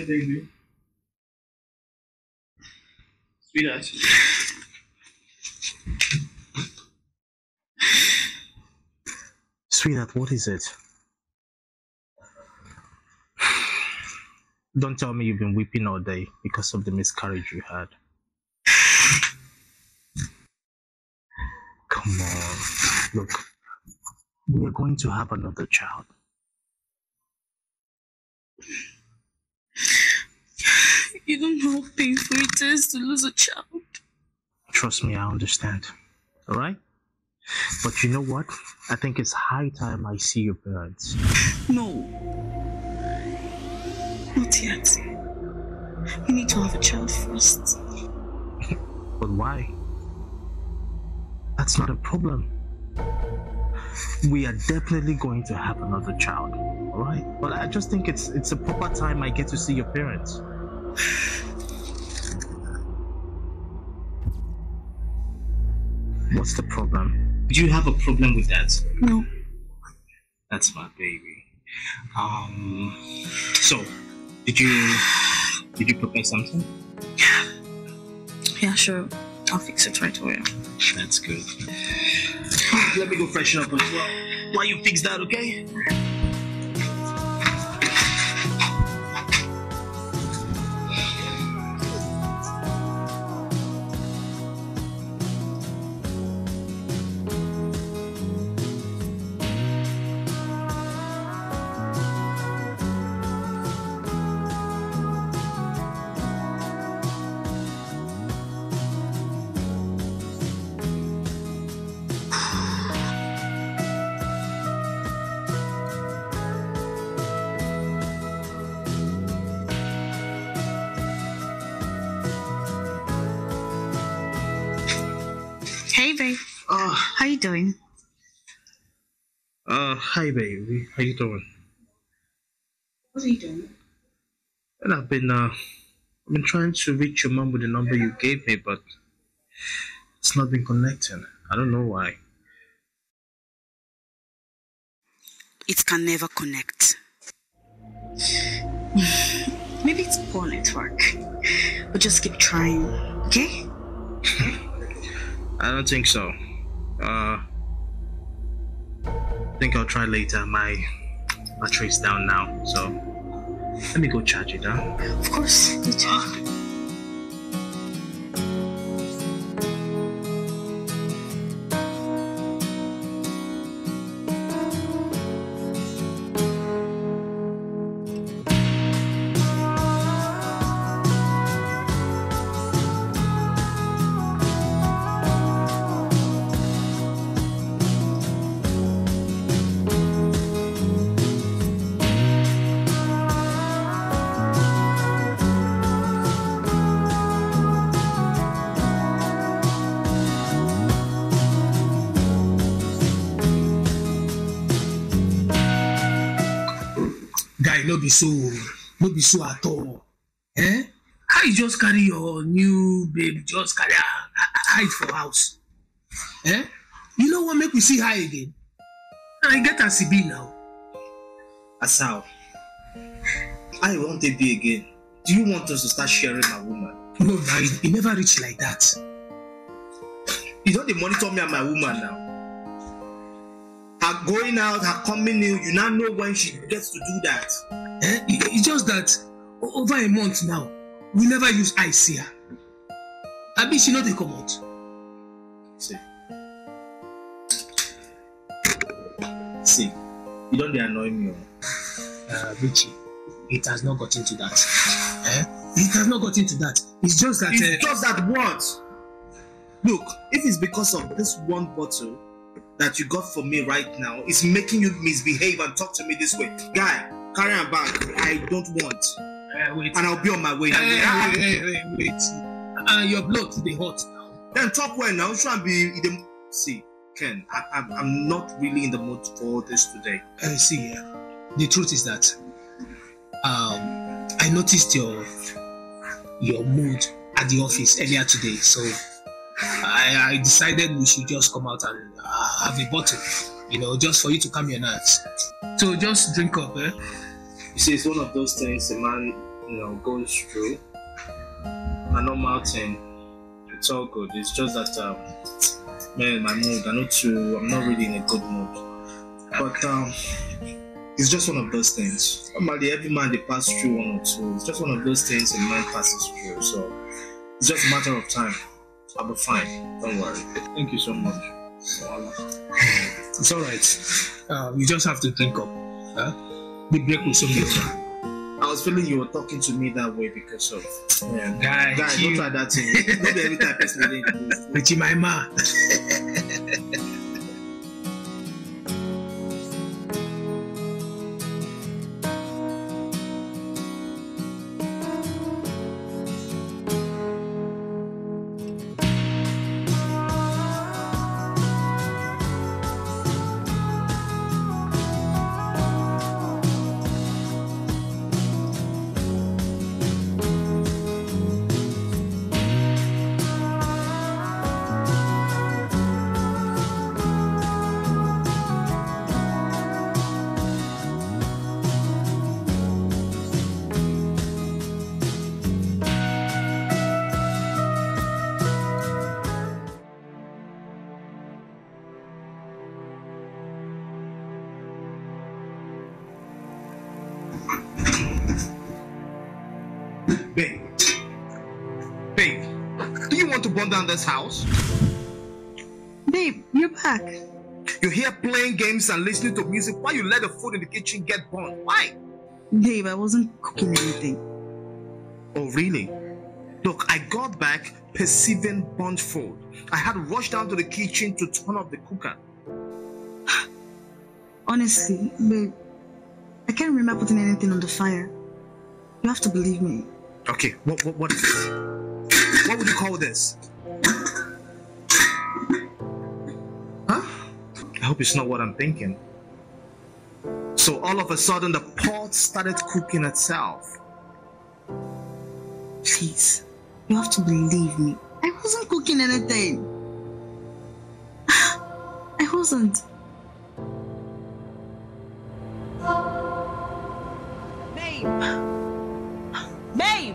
baby. Sweetheart. Sweetheart, what is it? Don't tell me you've been weeping all day because of the miscarriage you had. Come on, look, we are going to have another child. You don't know how painful it is to lose a child. Trust me, I understand. All right? But you know what? I think it's high time I see your parents. No. Not yet. We need to have a child first. but why? That's not a problem. We are definitely going to have another child, alright? But I just think it's it's a proper time I get to see your parents. What's the problem? Do you have a problem with that? No. That's my baby. Um. So, did you did you prepare something? Yeah, sure. I'll fix it right away. That's good. Let me go freshen up as well. While you fix that, okay? How you doing? Uh, hi baby. How you doing? What are you doing? And I've been uh, I've been trying to reach your mom with the number you gave me, but it's not been connecting. I don't know why. It can never connect. Maybe it's poor network. But just keep trying, okay? I don't think so. Uh, I think I'll try later. My battery's down now, so let me go charge it, huh? Of course, you guy no be so no be so at all eh? how you just carry your new babe just carry her hide for house eh? you know what make we see her again i get as e be now as how i wan take be again do you want us to start sharing my woman no na e never reach like that you don dey monitor me and my woman now her going out, her coming in, you now know when she gets to do that. Eh? It's just that over a month now, we never use eyes see her. I mean, she not a come out. See. See, you don't annoy me. Oh. Uh, Richie, it has not got into that. Eh? It has not got into that. It's just that. It's uh, just that what? Look, if it's because of this one bottle, that you got for me right now is making you misbehave and talk to me this way. Guy, carry a bag. I don't want. Uh, wait. And I'll be on my way. Hey, hey, hey, wait, wait. Uh, your blood today hot now. Then talk well now. Try and be the... See, Ken, I, am I'm, I'm not really in the mood for this today. Uh, see, uh, the truth is that um, I noticed your your mood at the office earlier today, so I, I decided we should just come out and uh, have a bottle, you know, just for you to calm your nerves. So just drink up, eh? You see, it's one of those things a man, you know, goes through. I know Martin, It's all good. It's just that, man, um, my mood. I'm not too. I'm not really in a good mood. But um, it's just one of those things. Normally, every man they pass through one or two. It's just one of those things a man passes through. So it's just a matter of time. I'll be fine. Don't worry. Thank you so much. it's all right. Uh, you just have to drink up. Huh? break I was feeling you were talking to me that way because of yeah, Guys, Guy, don't try that thing. Not every time person in Richie, my man. playing games and listening to music while you let the food in the kitchen get burned? Why? Dave, I wasn't cooking anything. Oh, really? Look, I got back perceiving burnt food. I had rushed down to the kitchen to turn off the cooker. Honestly, babe, I can't remember putting anything on the fire. You have to believe me. Okay, what, what, what is this? What would you call this? I hope it's not what I'm thinking. So all of a sudden, the pot started cooking itself. Please, you have to believe me. I wasn't cooking anything. I wasn't. Babe! Babe!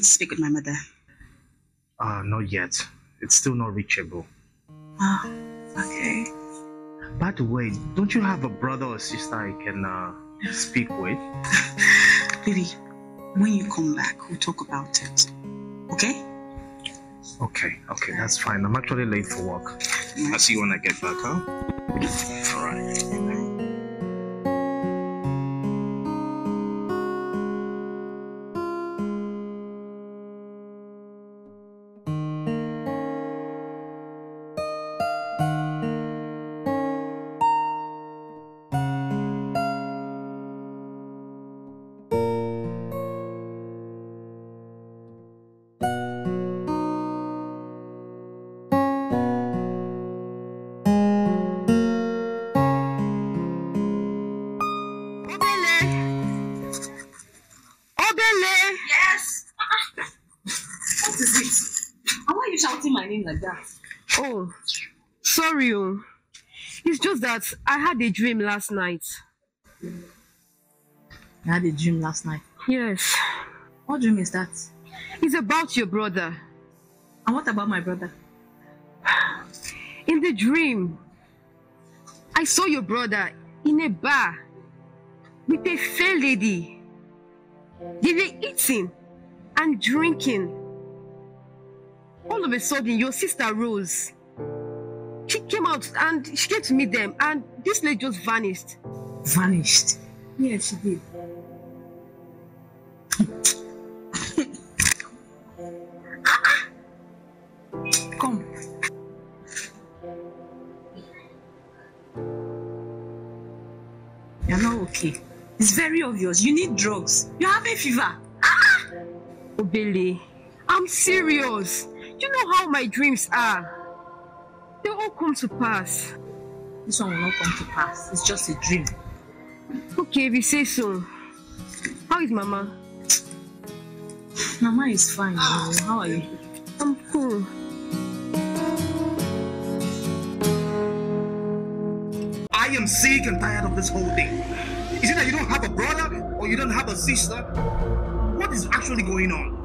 able to speak with my mother? Uh, not yet. It's still not reachable. Ah, oh, okay. By the way, don't you have a brother or sister I can uh, speak with? Baby, when you come back, we'll talk about it. Okay? Okay, okay, that's fine. I'm actually late for work. I'll see you when I get back, huh? sorry. Oh. It's just that I had a dream last night. I had a dream last night? Yes. What dream is that? It's about your brother. And what about my brother? In the dream, I saw your brother in a bar with a fair lady. They were eating and drinking. All of a sudden, your sister rose she came out and she came to meet them, and this lady just vanished. Vanished? Yes, yeah, she did. Come. You're not okay. It's very obvious. You need drugs. You have a fever. Ah! Oh, Billy, I'm serious. You know how my dreams are. They all come to pass. This one will not come to pass. It's just a dream. Okay, if you say so. How is Mama? Mama is fine. Ah. How are you? I'm cool. I am sick and tired of this whole thing. Is it that you don't have a brother or you don't have a sister? What is actually going on?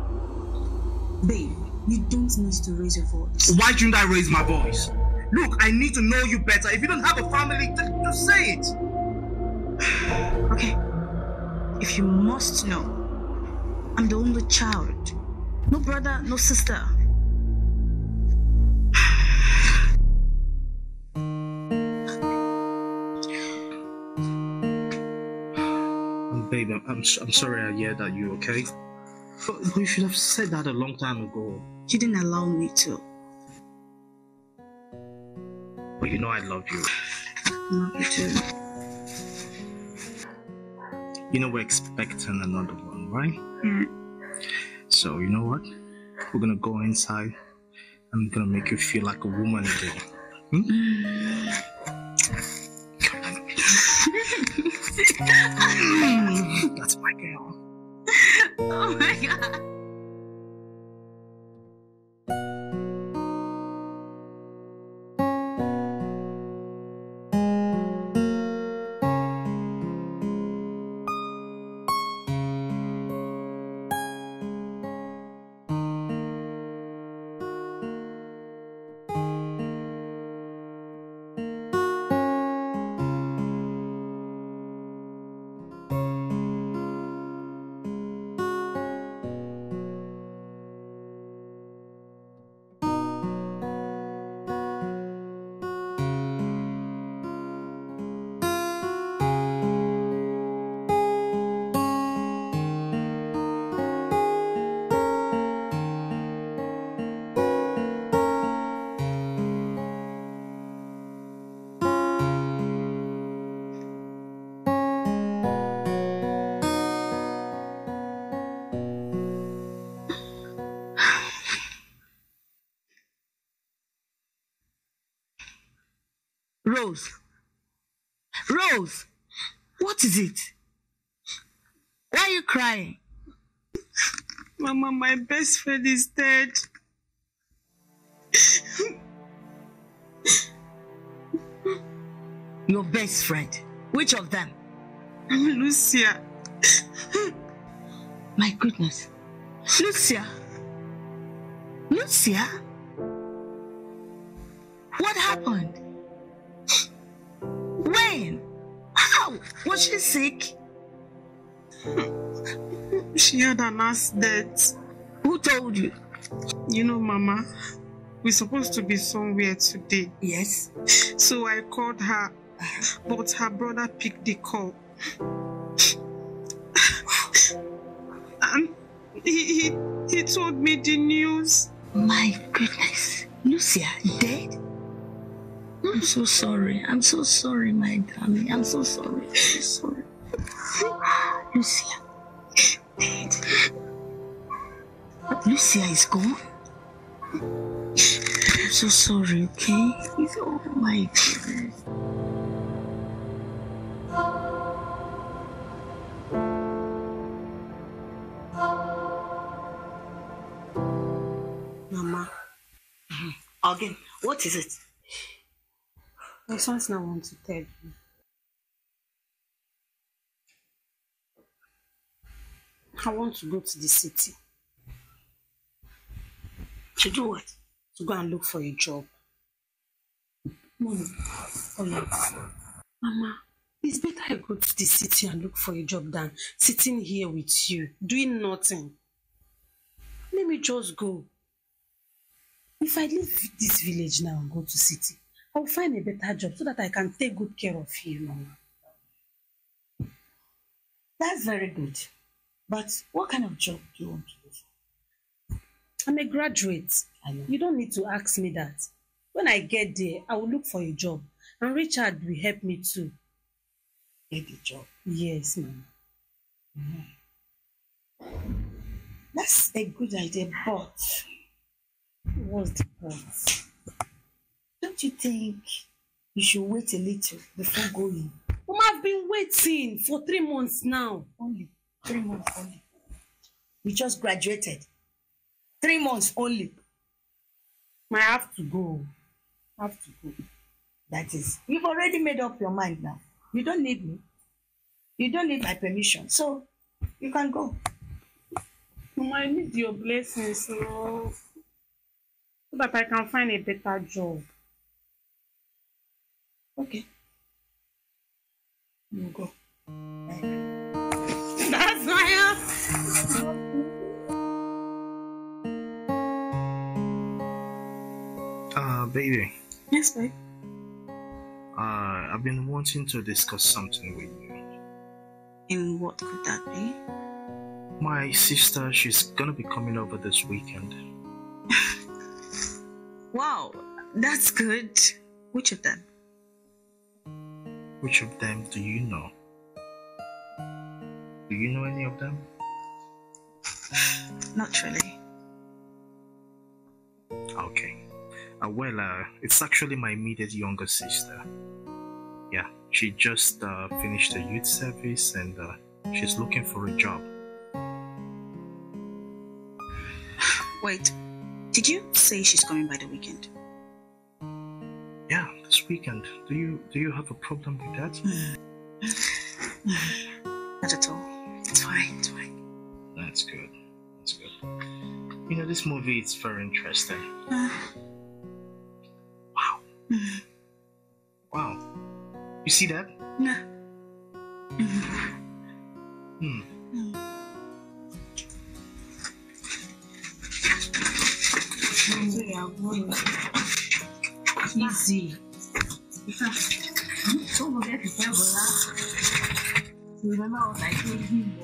Babe, you don't need to raise your voice. Why shouldn't I raise my voice? Look, I need to know you better. If you don't have a family, just say it. okay. If you must know, I'm the only child. No brother, no sister. Oh, babe, I'm, I'm, I'm sorry I hear that you okay. But you should have said that a long time ago. You didn't allow me to. But you know I love you. Love you too. You know we're expecting another one, right? Yeah. So you know what? We're gonna go inside. I'm gonna make you feel like a woman again. Hmm? That's my girl. Oh my god. Rose. Rose, what is it? Why are you crying? Mama, my best friend is dead. Your best friend? Which of them? Lucia. my goodness. Lucia. Lucia? What happened? was she sick? Hmm. She had an death. Who told you? You know, Mama, we're supposed to be somewhere today. Yes. So I called her, but her brother picked the call. and he, he, he told me the news. My goodness. Lucia, dead? I'm so sorry. I'm so sorry, my darling. I'm so sorry. I'm so sorry. Lucia. Lucia is gone. I'm so sorry, okay? It's all oh my goodness. Mama, mm-hmm. again, what is it? There's something I want to tell you. I want to go to the city. To do what? To go and look for a job. Mama, Mama, it's better I go to the city and look for a job than sitting here with you, doing nothing. Let me just go. If I leave this village now and go to city, I'll find a better job so that I can take good care of you, Mama. That's very good. But what kind of job do you want to do I'm a graduate. I know. You don't need to ask me that. When I get there, I will look for a job. And Richard will help me too. Get a job? Yes, Mama. Mm -hmm. That's a good idea, but what's the point? Don't you think you should wait a little before going? Mom, I've been waiting for three months now. Only three months only. We just graduated. Three months only. I have to go. I have to go. That is, you've already made up your mind now. You don't need me. You don't need my permission. So you can go. Mom, I need your blessings so that I can find a better job. Okay. You go. That's my Uh, baby. Yes, babe. Uh, I've been wanting to discuss something with you. And what could that be? My sister, she's gonna be coming over this weekend. wow, that's good. Which of them? Which of them do you know? Do you know any of them? Not really. Okay. Uh, well, uh, it's actually my immediate younger sister. Yeah, she just uh, finished her youth service and uh, she's looking for a job. Wait, did you say she's coming by the weekend? yeah, this weekend. Do you do you have a problem with that? not at all. It's fine. It's fine. That's good. That's good. You know, this movie is very interesting. Uh, wow. Mm-hmm. Wow. You see that? No. hmm hmm easy. Don't forget to tell Bola to remember what I told him.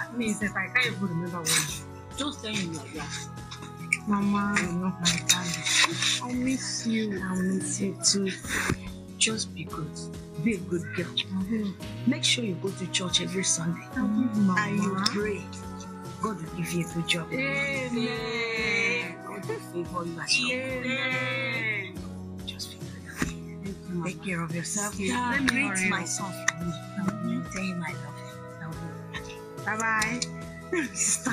I mean, if I can't even remember what, just tell him like that. Mama, you're not my family. I miss you. I miss you too. Just be good. Be a good girl. Mm-hmm. Make sure you go to church every Sunday. Mm-hmm. And you pray. God will give you a good job. Amen. God will favor you as well. Amen. Take care of yourself. Yeah, Let me rate myself. I'm telling my love. Bye bye. Sister.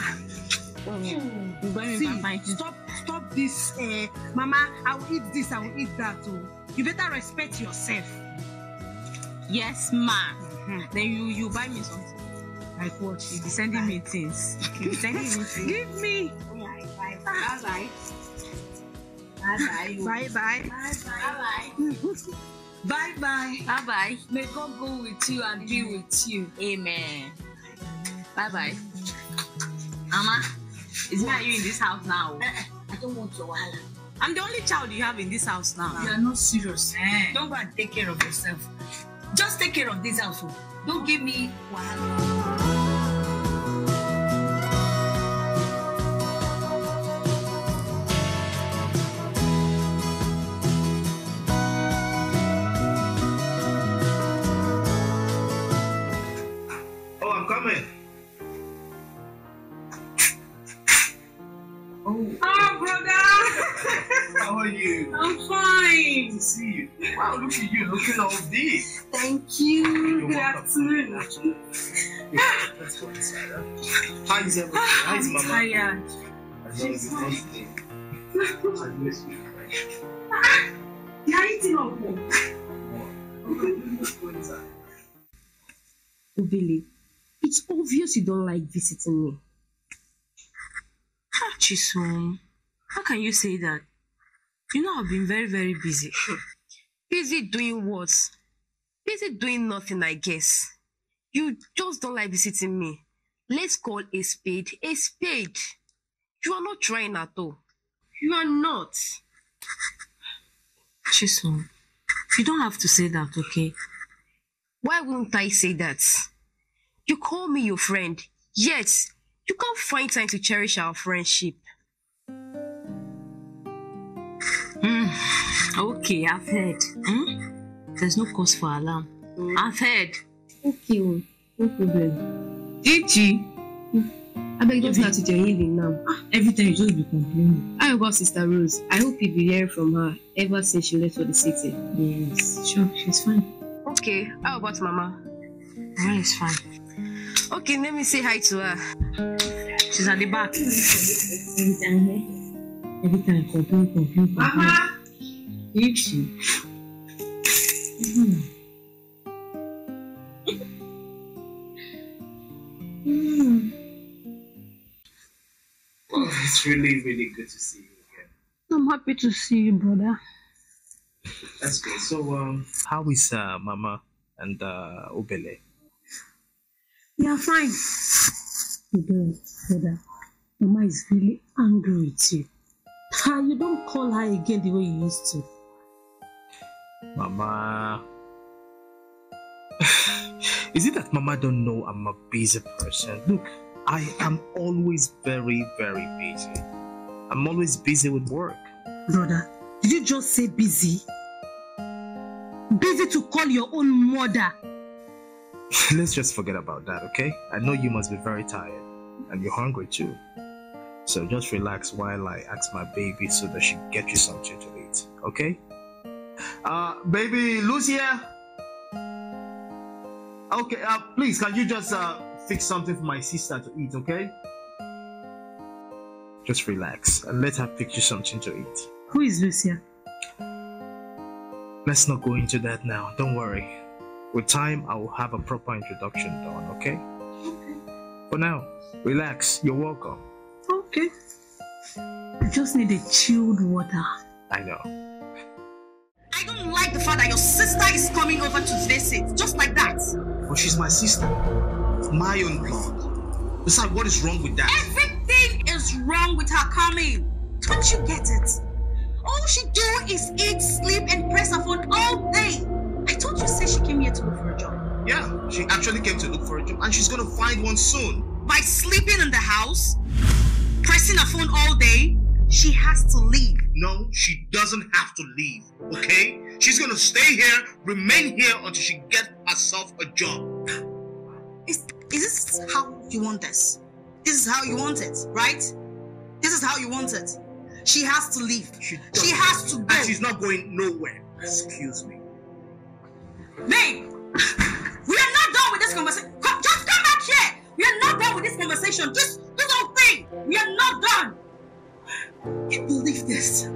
See, stop stop this uh, mama i will eat this i will eat that oh you better respect yourself yes ma mm-hmm. then you you buy me something like what you sending me things you sending me things give me bye bye bye bye bye bye bye bye bye bye Bye bye. Bye bye. May God go with you and be with you. Amen. Bye bye. Mama, it's not you in this house now. Eh, eh. I don't want your wahala. I'm the only child you have in this house now. You are not serious. Eh. Don't go and take care of yourself. Just take care of this house. Don't give me one. look at you looking all this. Thank you. Good afternoon. How's everything? How's mama? Tired. She's hungry. I miss you. You're eating up. Let's Billy, it's obvious you don't like visiting me. Chisom, how can you say that? You know I've been very, very busy. Busy doing what? Busy doing nothing, I guess. You just don't like visiting me. Let's call a spade a spade. You are not trying at all. You are not. Chisholm, you don't have to say that, okay? Why wouldn't I say that? You call me your friend, yet you can't find time to cherish our friendship. Okay, I've heard. Hmm? There's no cause for alarm. Mm. I've heard. Thank you. No problem. Ichi. Hmm. I beg just now to your healing now. Ah, every time you just be complaining. How about Sister Rose? I hope you've been hearing from her ever since she left for the city. Yes, sure, she's fine. Okay, how about Mama? Mama is fine. Okay, let me say hi to her. She's at the back. Every time, every time, complain, complain, complain. Mama! YouTube. Mm. Hmm. Oh, it's really, really good to see you again. I'm happy to see you, brother. That's good. So, um, how is uh, Mama and uh, Obele? We are fine. Today, brother, Mama is really angry with you. You don't call her again the way you used to. Mama. Is it that Mama don't know I'm a busy person? Look, I am always very, very busy. I'm always busy with work. Brother, did you just say busy? Busy to call your own mother. Let's just forget about that, okay? I know you must be very tired and you're hungry too. So just relax while I ask my baby so that she get you something to eat, okay? Uh, baby Lucia. Okay, uh, please, can you just uh, fix something for my sister to eat, okay? Just relax and let her pick you something to eat. Who is Lucia? Let's not go into that now. Don't worry. With time, I will have a proper introduction done, okay? Okay. For now, relax. You're welcome. Okay. I just need a chilled water. I know. I don't like the fact that your sister is coming over to visit, just like that. But she's my sister, my own blood. Besides, what is wrong with that? Everything is wrong with her coming. Don't you get it? All she do is eat, sleep, and press her phone all day. I told you, say she came here to look for a job. Yeah, she actually came to look for a job, and she's gonna find one soon. By sleeping in the house, pressing her phone all day, she has to leave. No, she doesn't have to leave, okay? She's gonna stay here, remain here until she gets herself a job. Is, is this how you want this? This is how you want it, right? This is how you want it. She has to leave. She, she has to go. And she's not going nowhere. Excuse me. May, we are not done with this conversation. Just come back here. We are not done with this conversation. This, do whole thing. We are not done. I can't believe this.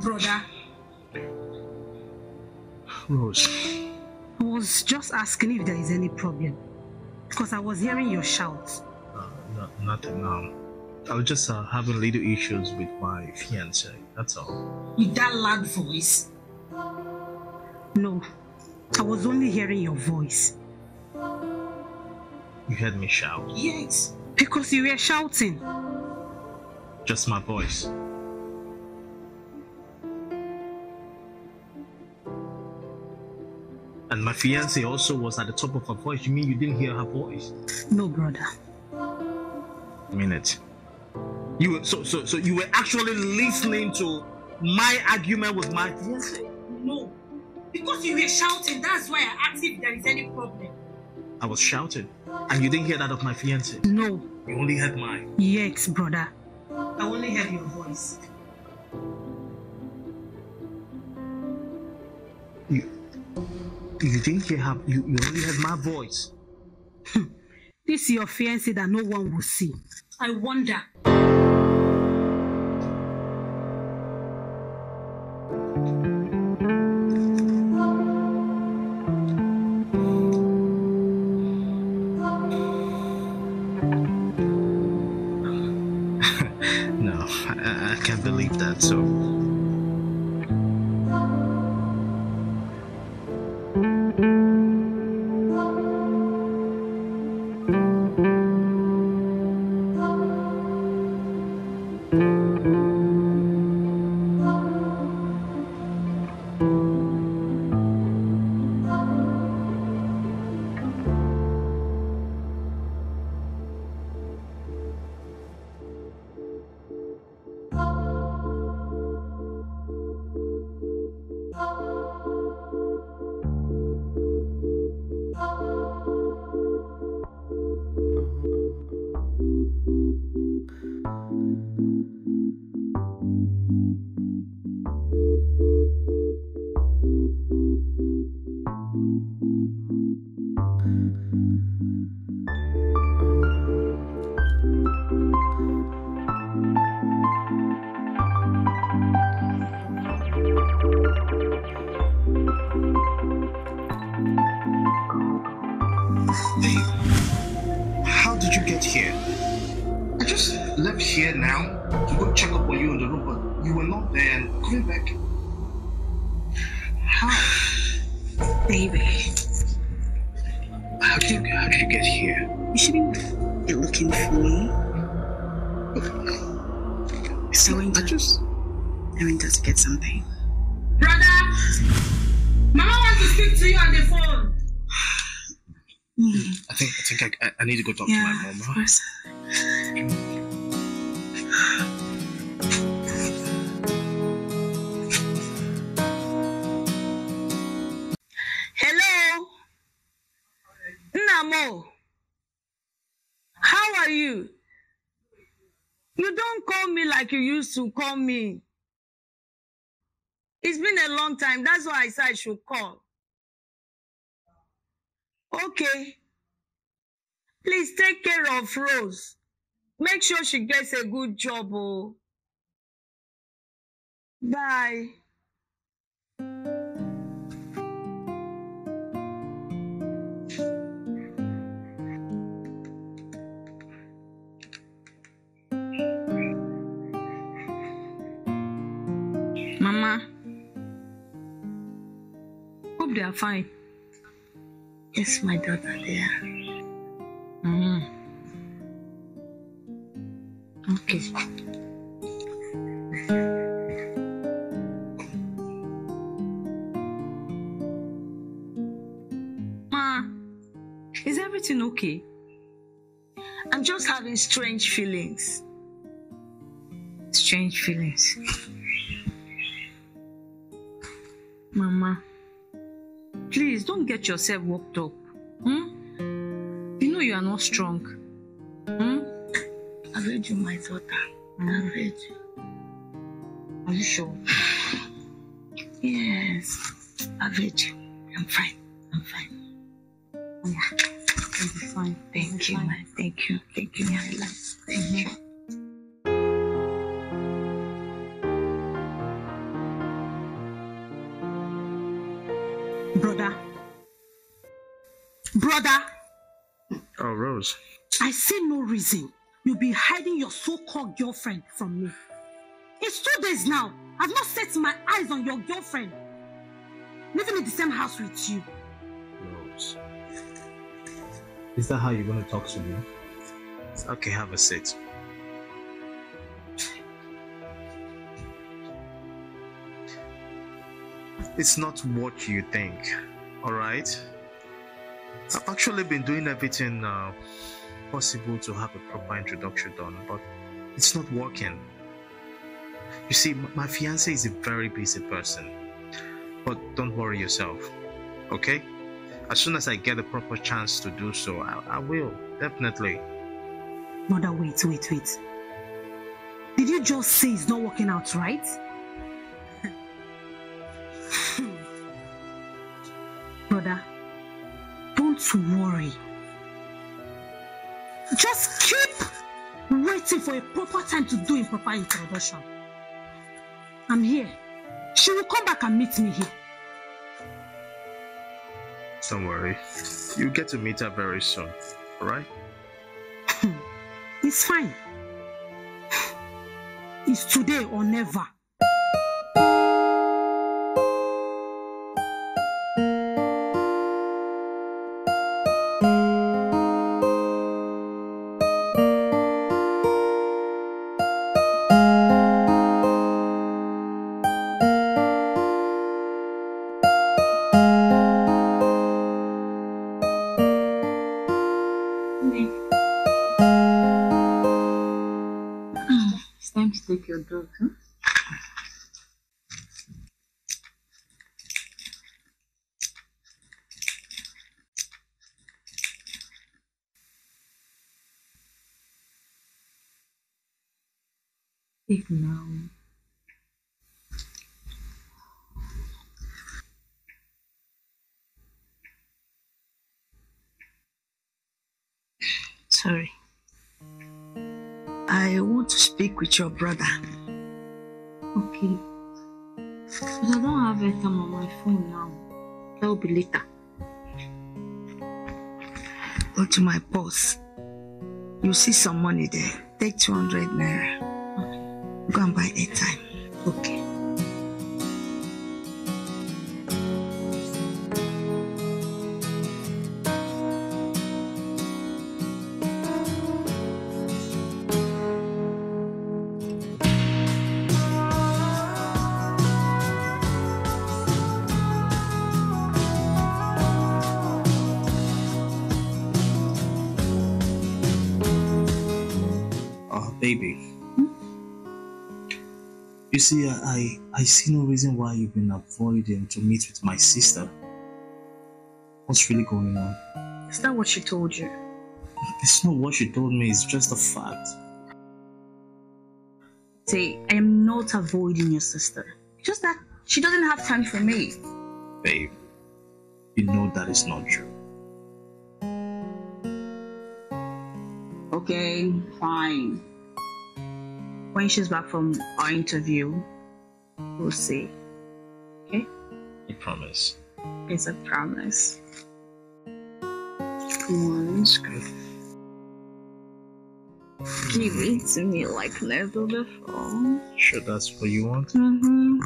brother. Rose. I was just asking if there is any problem. Because I was hearing your shouts. Uh, no, nothing. Um, I was just uh, having little issues with my fiance. That's all. With that loud voice? No. I was only hearing your voice. You heard me shout? Yes. Because you were shouting. Just my voice. And my fiance also was at the top of her voice. You mean you didn't hear her voice? No, brother. A minute. You were, so so so you were actually listening to my argument with my fiance? No. Because you were shouting, that's why I asked if there is any problem. I was shouting. And you didn't hear that of my fiance? No. You only heard mine. Yes, brother. I only heard your voice. You, you think you have you, you only have my voice? Hmm. this is your fiancé that no one will see. I wonder. How are you? You don't call me like you used to call me. It's been a long time. That's why I said I should call. Okay. Please take care of Rose. Make sure she gets a good job. Oh. Bye. are fine. Yes, my daughter, they are. Mm. Okay. Ma, is everything okay? I'm just having strange feelings. Strange feelings. don't get yourself worked up. Hmm? You know you are not strong. Hmm? I read you, my daughter. Mm. I read you. Are you sure? yes. I read you. I'm fine. I'm fine. Yeah. I'll be fine. Thank you, fine. my. Thank you. Thank you, my love. Thank mm -hmm. you. brother Brother. Oh, Rose. I see no reason you'll be hiding your so-called girlfriend from me. It's two days now. I've not set my eyes on your girlfriend. Living in the same house with you. Rose. Is that how you're going to talk to me? Okay, have a seat. It's not what you think, alright? I've actually been doing everything uh, possible to have a proper introduction done, but it's not working. You see, my fiance is a very busy person, but don't worry yourself, okay? As soon as I get a proper chance to do so, I, I will, definitely. Mother, wait, wait, wait. Did you just say it's not working out right? for a proper time to do a proper introduction. I'm here. She will come back and meet me here. Don't worry. You'll get to meet her very soon, alright? it's fine. It's today or never. introduction. Take noun. Sorry. I want to speak with your brother okay because i don't have airtime on my phone now that will be later go to my boss. you see some money there take 200 naira okay. go and buy airtime okay You see, I, I see no reason why you've been avoiding to meet with my sister. What's really going on? Is that what she told you? It's not what she told me, it's just a fact. See, I am not avoiding your sister. Just that she doesn't have time for me. Babe, you know that is not true. Okay, fine when she's back from our interview, we'll see. Okay? I promise. It's a promise. Come on. good. Give it to me like never on the phone. Sure, that's what you want? Mm-hmm.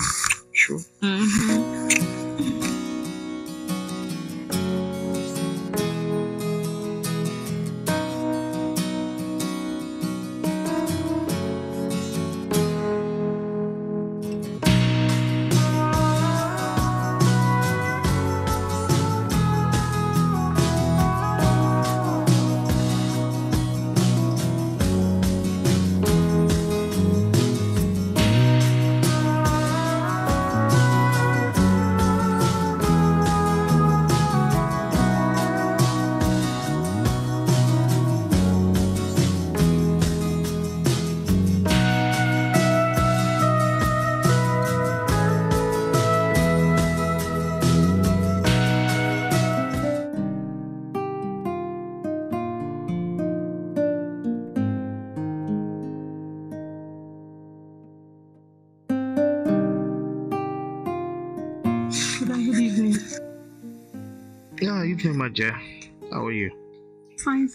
Sure. Mm-hmm. Goodbye, good evening. Yeah, you came, my dear. How are you? Fine.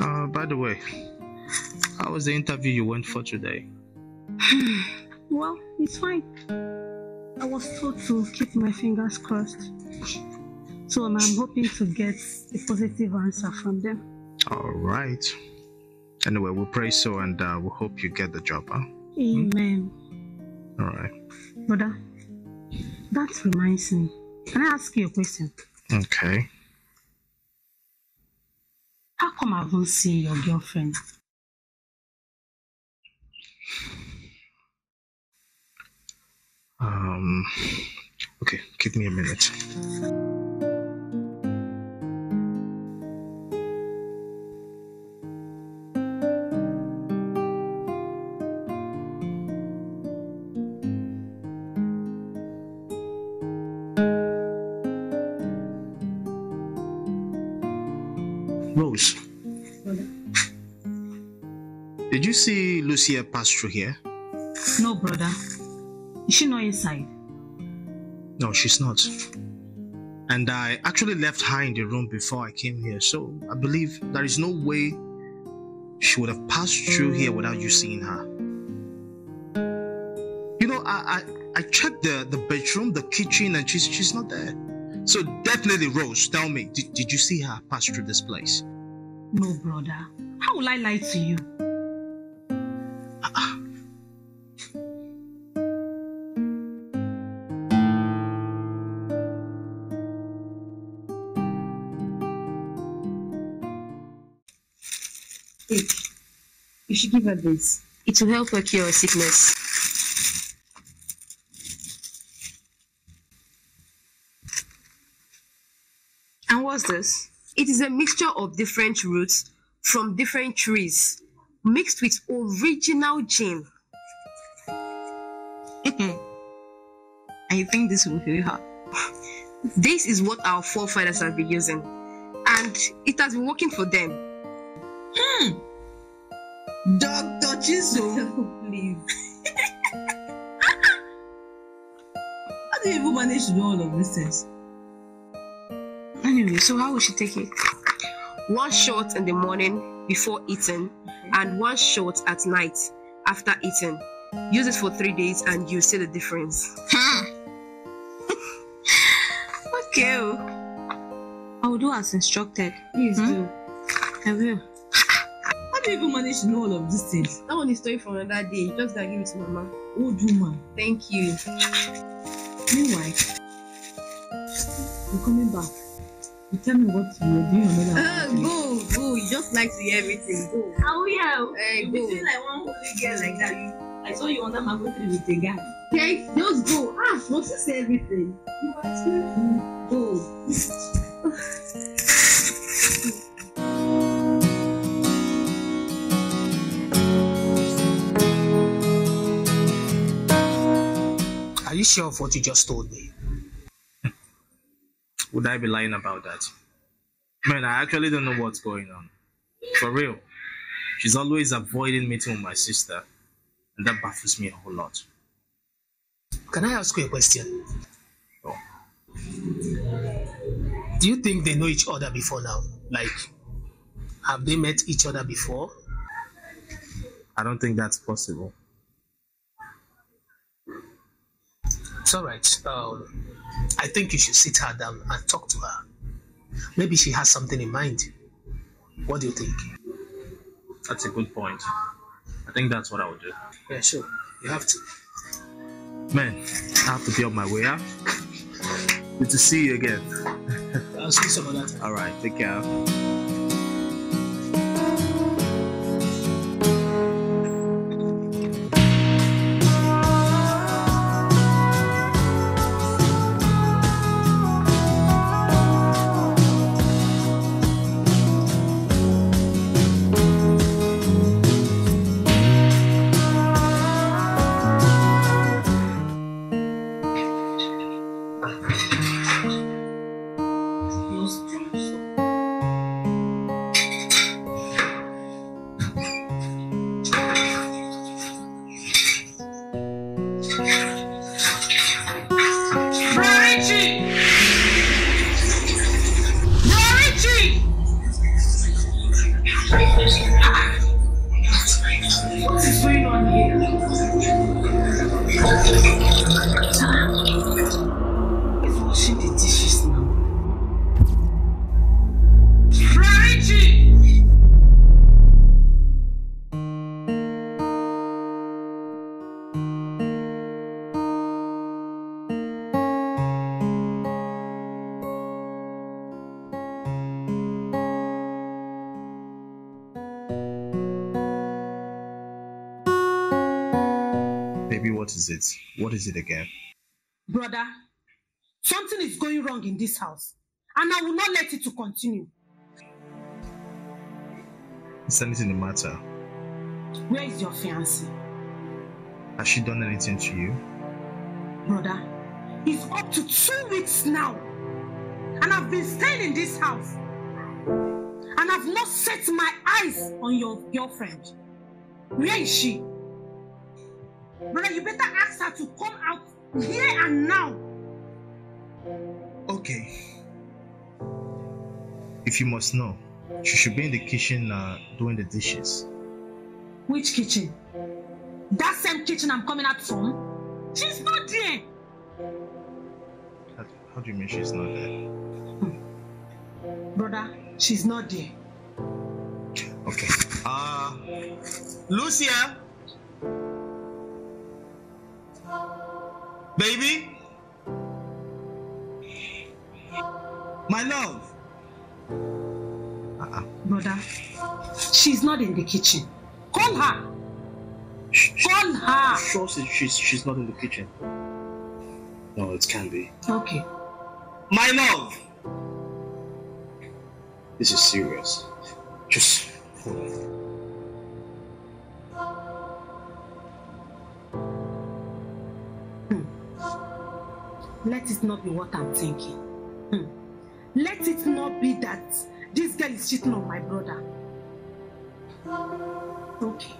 Uh, by the way, how was the interview you went for today? well, it's fine. I was told to keep my fingers crossed. So I'm hoping to get a positive answer from them. All right. Anyway, we pray so and uh, we hope you get the job, huh? Amen. Hmm? All right. Brother, that reminds me. Can I ask you a question? Okay. How come I do not see your girlfriend? Um, okay, give me a minute. Lucia pass through here? No, brother. Is she not inside? No, she's not. And I actually left her in the room before I came here, so I believe there is no way she would have passed through here without you seeing her. You know, I I, I checked the, the bedroom, the kitchen, and she's she's not there. So definitely, Rose, tell me, did, did you see her pass through this place? No, brother. How will I lie to you? Hey, you should give her this. It will help her cure her sickness. And what's this? It is a mixture of different roots from different trees mixed with original gin. I think this will heal her. This is what our forefathers have been using, and it has been working for them. Hmm. Dr. Chizo. Please. how do you even manage to do all of these things? Anyway, so how will she take it? One shot in the morning before eating, okay. and one shot at night after eating. Use it for three days, and you see the difference. Hmm. okay. Oh. I will do as instructed. Please hmm? do. I will. you even manage to know all of these things? That one is story for another day. Just gotta give it to Mama. Oh, Duma. Thank you. Meanwhile, you're coming back. You tell me what you're doing another uh, Go, go. You just like to hear everything. Go. Oh, yeah. Uh, you go. feel like one holy girl like that. You, I saw you on that mango tree with a guy. Okay, just go. Ah, what is everything? You are too. Go. you sure of what you just told me? Hmm. Would I be lying about that? Man, I actually don't know what's going on. For real. She's always avoiding meeting with my sister, and that baffles me a whole lot. Can I ask you a question? Oh. Do you think they know each other before now? Like, have they met each other before? I don't think that's possible. It's all right. Um, I think you should sit her down and talk to her. Maybe she has something in mind. What do you think? That's a good point. I think that's what I would do. Yeah, sure. You have to. Man, I have to be on my way out. Good to see you again. I'll see you some other time. All right, take care. is it again? Brother, something is going wrong in this house, and I will not let it to continue. Is anything the matter? Where is your fiance? Has she done anything to you? Brother, it's up to two weeks now. And I've been staying in this house. And I've not set my eyes on your girlfriend. Where is she? Brother, you better ask her to come out here and now. Okay. If you must know, she should be in the kitchen uh, doing the dishes. Which kitchen? That same kitchen I'm coming out from? She's not there. How, how do you mean she's not there? Brother, she's not there. Okay. Uh, Lucia? Baby? My love. Uh-uh. Brother, she's not in the kitchen. Call her. Call her. Sure, she's, she's not in the kitchen. No, it can be. Okay. My love. This is serious. Just hold let it not be what I'm thinking. Hmm. Let it not be that this girl is cheating on my brother. Okay.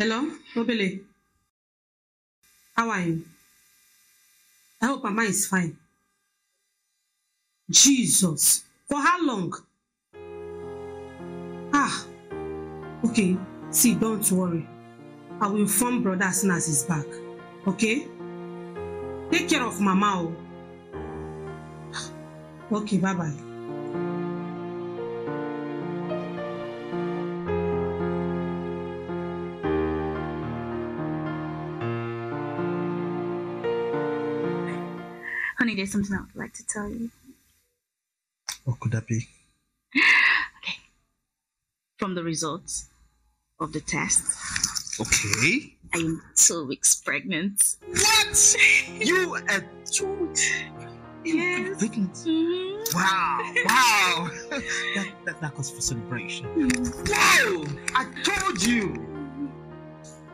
Hello, Obele. How are you? I hope Mama is fine. Jesus. For how long? Ah. Okay. See, don't worry. I will inform brother as soon as he's back. Okay? Take care of Mama. Oh. Okay, bye-bye. there's something I would like to tell you. What could that be? okay. From the results of the test. Okay. I am two weeks pregnant. What? you are two weeks yes. pregnant? Mm-hmm. Wow, wow. that, that, that goes for celebration. Mm-hmm. Wow! I told you!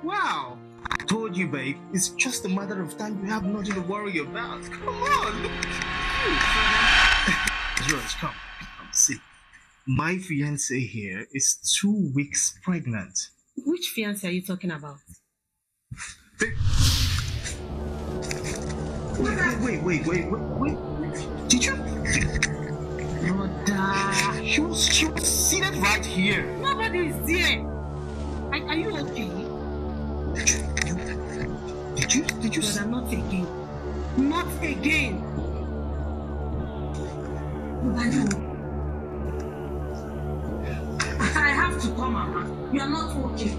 Wow! I told you, babe, it's just a matter of time. You have nothing to worry about. Come on, look at you. George, come, come, My fiance here is two weeks pregnant. Which fiance are you talking about? Wait, wait, wait, wait, wait, wait. Did you? Mother. She was, she was seated right here. Nobody is here. Are, are you okay? Did you? Did you? Brother, not again. Not again. I have to come, Mama. You are not working.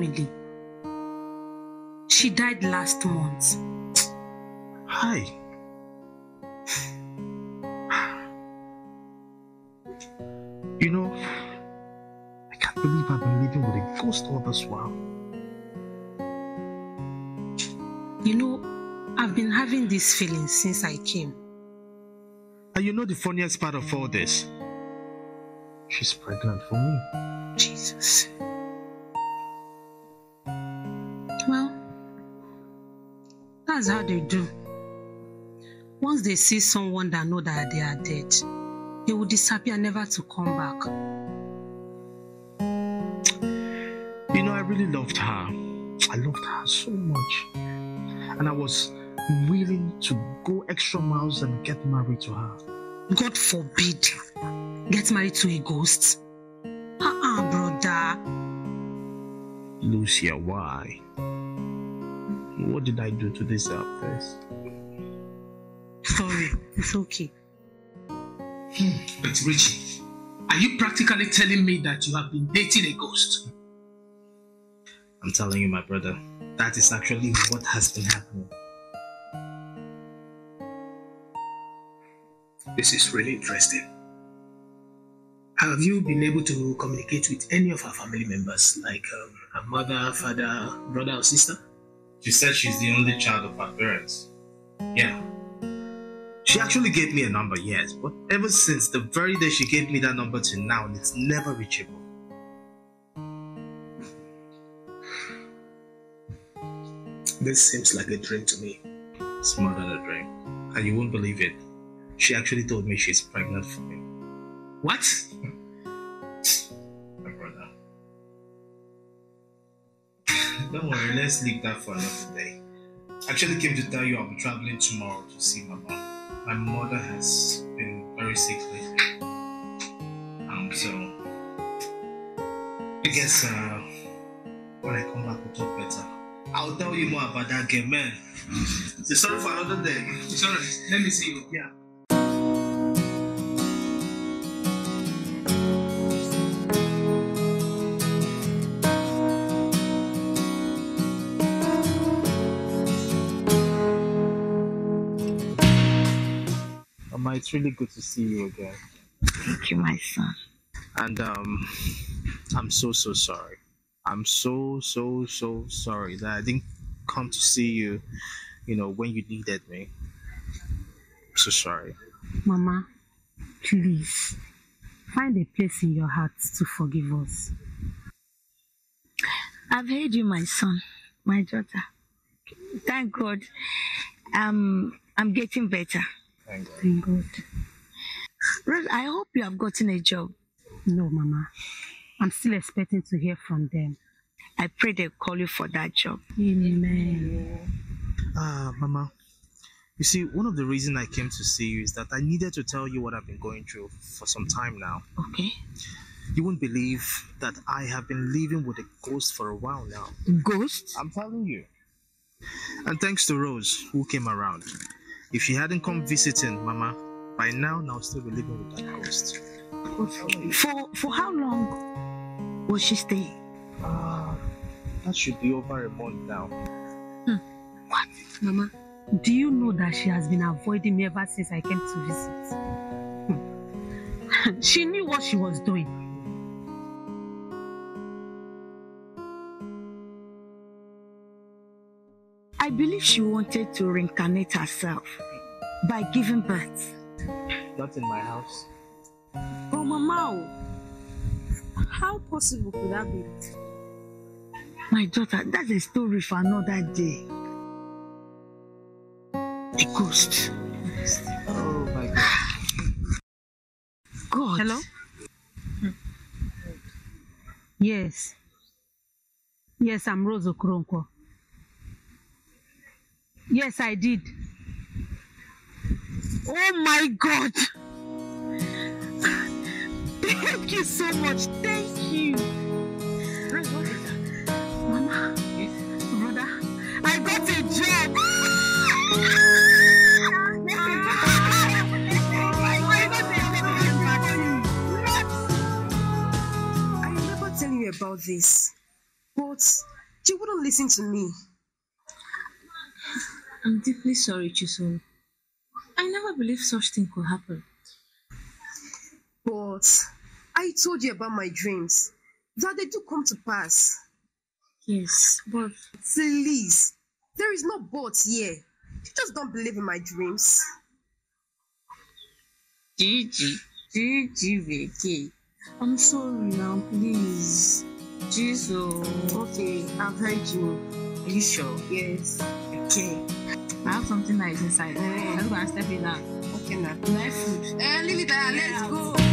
family. She died last month. Hi. You know, I can't believe I've been living with a ghost all this while. You know, I've been having these feelings since I came. And you know the funniest part of all this? She's pregnant for me. Jesus. That's how they do. Once they see someone that know that they are dead, they will disappear never to come back. You know, I really loved her. I loved her so much. And I was willing to go extra miles and get married to her. God forbid. Get married to a ghost. Uh-uh, brother. Lucia, why? what did I do to deserve this? Sorry, it's okay. Hmm. But Richie, are you practically telling me that you have been dating a ghost? I'm telling you, my brother, that is actually what has been happening. This is really interesting. Have you been able to communicate with any of our family members, like um, mother, father, brother, or sister? She said she's the only child of her parents. Yeah. She actually gave me a number, yes, but ever since the very day she gave me that number to now, it's never reachable. This seems like a dream to me. It's more than a dream. And you won't believe it. She actually told me she's pregnant for me. What? Don't worry, let's leave that for another day. Actually, came to tell you I'll be traveling tomorrow to see my mom. My mother has been very sick lately. Um, so I guess uh, when I come back, we'll talk better. I'll tell you more about that game, man. So sorry for another day. It's alright. Let me see you. Yeah. it's really good to see you again. Thank you, my son. And um, I'm so so sorry. I'm so so so sorry that I didn't come to see you. You know when you needed me. I'm so sorry. Mama, please find a place in your heart to forgive us. I've heard you, my son, my daughter. Thank God, um, I'm getting better. Thank God. Thank God. I hope you have gotten a job. No, Mama. I'm still expecting to hear from them. I pray they call you for that job. Amen. Ah, uh, Mama. You see, one of the reasons I came to see you is that I needed to tell you what I've been going through for some time now. Okay. You won't believe that I have been living with a ghost for a while now. Ghost? I'm telling you. And thanks to Rose, who came around, if she hadn't come visiting, Mama, by now, I'll still be living with that ghost. For for how long was she staying? Uh, that should be over a month now. Hmm. What, Mama? Do you know that she has been avoiding me ever since I came to visit? Hmm. she knew what she was doing. I believe she wanted to reincarnate herself by giving birth. Not in my house. Oh, Mama, oh. how possible could that be? My daughter, that's a story for another day. The ghost. Oh, my God. God. Hello? Hmm. Yes. Yes, I'm Rose Okronko. Yes, I did. Oh my God. Thank you so much. Thank you. Mama. Brother. I got a job. I remember tell you about this, but you wouldn't listen to me. I'm deeply sorry, Chisholm. I never believed such thing could happen. But I told you about my dreams, that they do come to pass. Yes, but... Please, there is no but here. You just don't believe in my dreams. Gigi, Gigi, Vicky. I'm sorry now, please. Jesus. Okay, I've heard you. Are you sure? Yes. Okay. I have something nice inside. Mm. I'm gonna step in out. Okay, now. Life food. Uh, eh, leave it there. Yeah. Let's go.